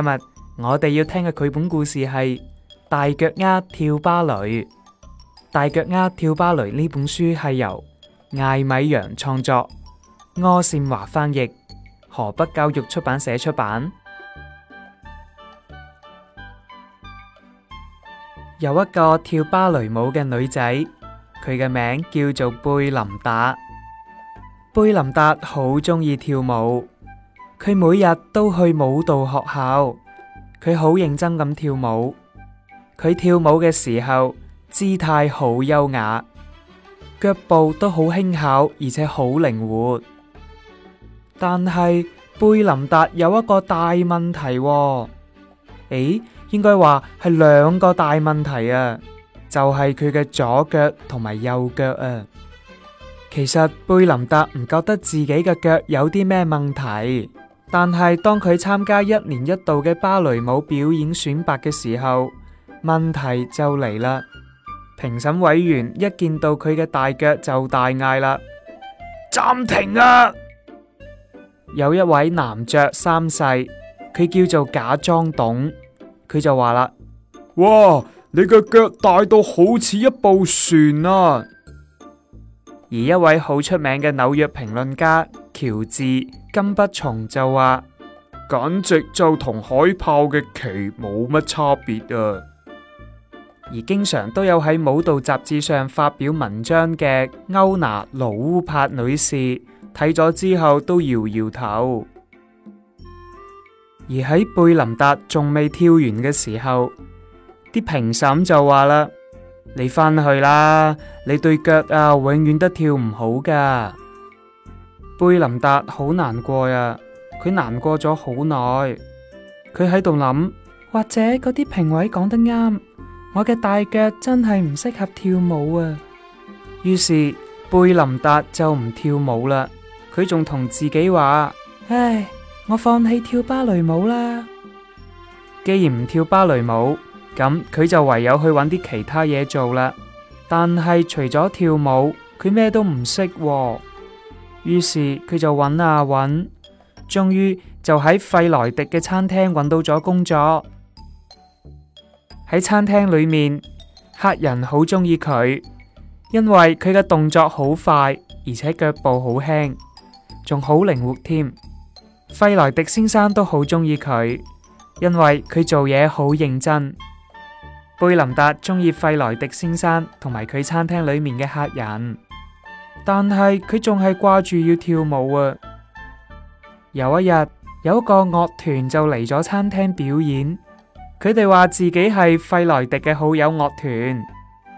今日我哋要聽嘅繪本故事係《大腳丫跳芭蕾》。《大腳丫跳芭蕾》呢本書係由艾米揚創作，柯善華翻譯，河北教育出版社出版。有一個跳芭蕾舞嘅女仔，佢嘅名叫做貝琳達。貝琳達好鍾意跳舞。佢每日都去舞蹈學校，佢好認真咁跳舞。佢跳舞嘅時候姿態好優雅，腳步都好輕巧，而且好靈活。但係貝林達有一個大問題，哦，誒、欸，應該話係兩個大問題啊，就係佢嘅左腳同埋右腳啊。其實貝林達唔覺得自己嘅腳有啲咩問題。但係當佢參加一年一度嘅芭蕾舞表演選拔嘅時候，問題就嚟啦。評審委員一見到佢嘅大腳就大嗌啦：暫停啊！有一位男爵三世，佢叫做假裝董，佢就話啦：哇，你嘅腳大到好似一部船啊！而一位好出名嘅紐約評論家，喬治，金不從就話，簡直就同海豹嘅旗冇乜差別啊！而經常都有喺舞蹈雜誌上發表文章嘅歐娜盧烏帕女士睇咗之後都搖搖頭。而喺貝林達仲未跳完嘅時候，啲評審就話啦：，你返去啦，你對腳啊，永遠都跳唔好噶。貝琳達好難過呀，佢難過咗好耐，佢喺度諗，或者嗰啲評委講得啱，我嘅大腳真係唔適合跳舞啊！於是貝琳達就唔跳舞啦，佢仲同自己話：，唉，我放棄跳芭蕾舞啦！既然唔跳芭蕾舞，咁佢就唯有去搵啲其他嘢做啦。但係除咗跳舞，佢咩都唔識、啊。於是佢就揾啊揾，終於就喺費萊迪嘅餐廳揾到咗工作。喺餐廳裏面，客人好中意佢，因為佢嘅動作好快，而且腳步好輕，仲好靈活添。費萊迪先生都好中意佢，因為佢做嘢好認真。貝林達中意費萊迪先生同埋佢餐廳裏面嘅客人。但係佢仲係掛住要跳舞啊！有一日，有一個樂團就嚟咗餐廳表演，佢哋話自己係費萊迪嘅好友樂團。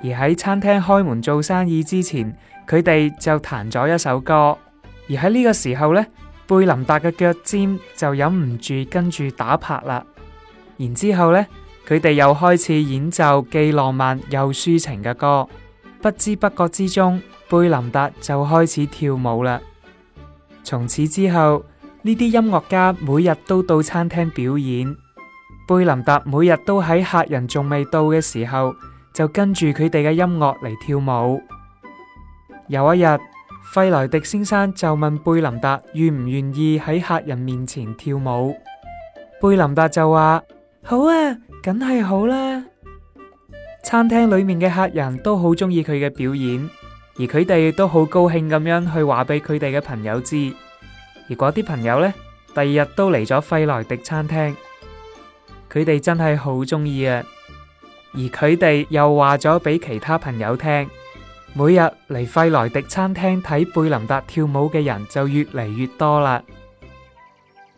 而喺餐廳開門做生意之前，佢哋就彈咗一首歌。而喺呢個時候呢，貝林達嘅腳尖就忍唔住跟住打拍啦。然之後呢，佢哋又開始演奏既浪漫又抒情嘅歌，不知不覺之中，貝林達就開始跳舞啦。從此之後，呢啲音樂家每日都到餐廳表演。貝林達每日都喺客人仲未到嘅時候，就跟住佢哋嘅音樂嚟跳舞。有一日，費萊迪先生就問貝林達願唔願意喺客人面前跳舞。貝林達就話：好啊，梗係好啦、啊。餐廳裏面嘅客人都好中意佢嘅表演。而佢哋都好高興咁樣去話俾佢哋嘅朋友知。而嗰啲朋友呢，第二日都嚟咗費萊迪餐廳。佢哋真係好中意啊！而佢哋又話咗俾其他朋友聽，每日嚟費萊迪餐廳睇貝琳達跳舞嘅人就越嚟越多啦。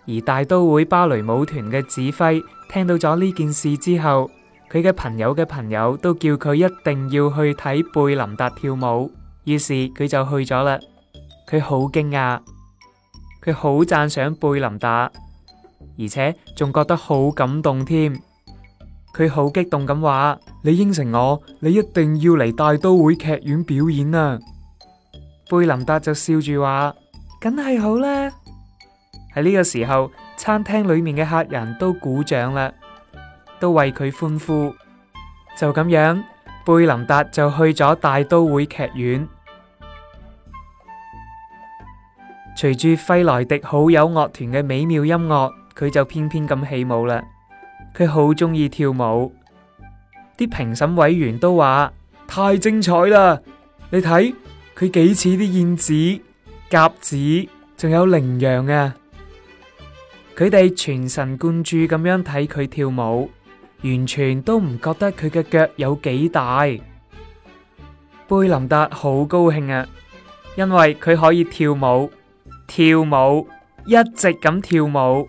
而大都會芭蕾舞團嘅指揮聽到咗呢件事之後，佢嘅朋友嘅朋友都叫佢一定要去睇貝琳達跳舞。於是佢就去咗啦，佢好驚訝，佢好讚賞貝琳達，而且仲覺得好感動添。佢好激動咁話：「你應承我，你一定要嚟大都會劇院表演啊！」貝琳達就笑住話：「梗係好啦。」喺呢個時候，餐廳裏面嘅客人都鼓掌啦，都為佢歡呼。就咁樣。貝林達就去咗大都會劇院，隨住費萊迪好友樂團嘅美妙音樂，佢就翩翩咁起舞啦。佢好鍾意跳舞，啲評審委員都話太精彩啦！你睇佢幾似啲燕子、鴿子，仲有羚羊啊！佢哋全神貫注咁樣睇佢跳舞。完全都唔覺得佢嘅腳有幾大，貝林達好高興啊，因為佢可以跳舞，跳舞一直咁跳舞，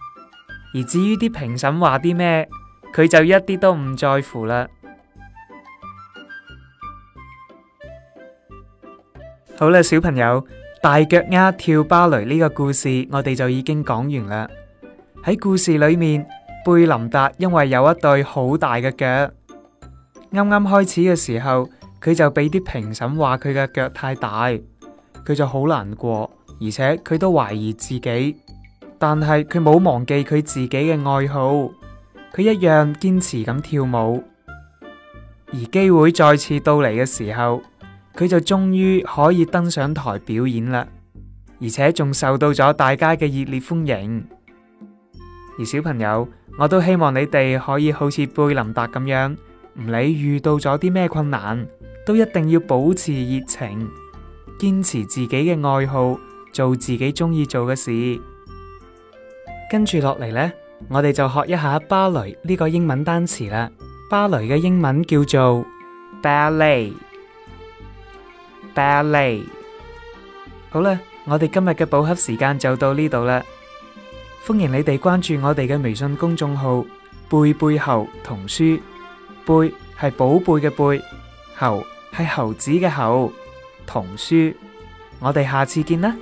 而至於啲評審話啲咩，佢就一啲都唔在乎啦。好啦，小朋友，大腳丫跳芭蕾呢個故事，我哋就已經講完啦。喺故事裏面。貝林達因為有一對好大嘅腳，啱啱開始嘅時候，佢就俾啲評審話佢嘅腳太大，佢就好難過，而且佢都懷疑自己，但係佢冇忘記佢自己嘅愛好，佢一樣堅持咁跳舞。而機會再次到嚟嘅時候，佢就終於可以登上台表演啦，而且仲受到咗大家嘅熱烈歡迎。而小朋友，我都希望你哋可以好似貝琳達咁樣，唔理遇到咗啲咩困難，都一定要保持熱情，堅持自己嘅愛好，做自己中意做嘅事。跟住落嚟呢，我哋就學一下芭蕾呢個英文單詞啦。芭蕾嘅英文叫做 ballet，ballet。好啦，我哋今日嘅補習時間就到呢度啦。歡迎你哋關注我哋嘅微信公眾號《貝貝猴童書》，貝係寶貝嘅貝，猴係猴子嘅猴。童書，我哋下次見啦。